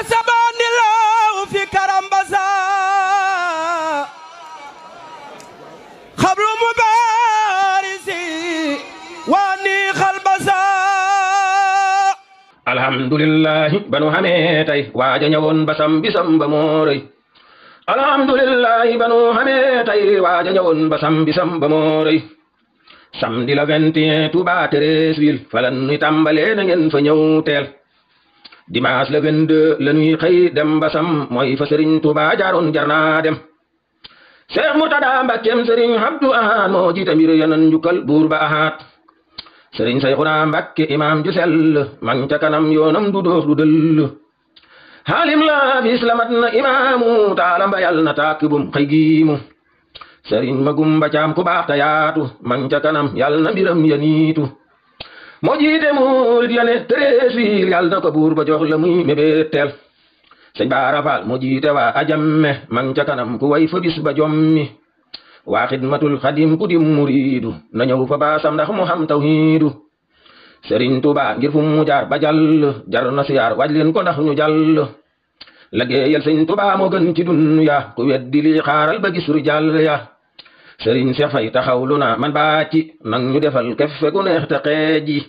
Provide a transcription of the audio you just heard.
وسباني الله في كرمبسا خبر مبارسي واني خلبسا الحمد لله بنو حميتي واجا نيوون بسام بسام بموري الحمد لله بنو حميتي واجا نيوون بسام بسام بموري samedi la 21 Touba Treichville falan ñu tàmbalee na ngeen fa ñëw teel dimanche le 22 la ñuy xëy dem basam mooy fa Serigne Touba jaaroon jar naa dem Cheikh Murtada Mbakkeem Serigne Abdou Ahad moo jiite mbir yanan njukkal buur ba ahaat Serigne Sayxuna Mbakke imaam ju sell man ca kanam yoonam du doof du dëll xaalim la bis la mat na imaamu taala mbayal na tàkk bum xëy giimu Serigne Magumba Caam ku baax ta yaatu man kanam yàlla na mbiram ya moo jiite murit ya ne treize na ko buur ba jox la muy mébét teel sëñ Baara Faal moo jiite waa ajamme mang ca kanam ku way fa bis ba jommi waa xidmatul xadim ku di muriidu na ñëw fa baasam ndax mu xam tawhiidu Sëriñ Tuubaa ngir fu mu jaar ba jàll jar na siyaar waaj leen ko ndax ñu jàll liggéeyal Sëriñ Tuubaa moo gën ci dun ya ku weddi li xaaral ba gis ru jàll ya sëriñ Cheikh Faye man baa ci nag ñu defal keffe gu neex te xeeji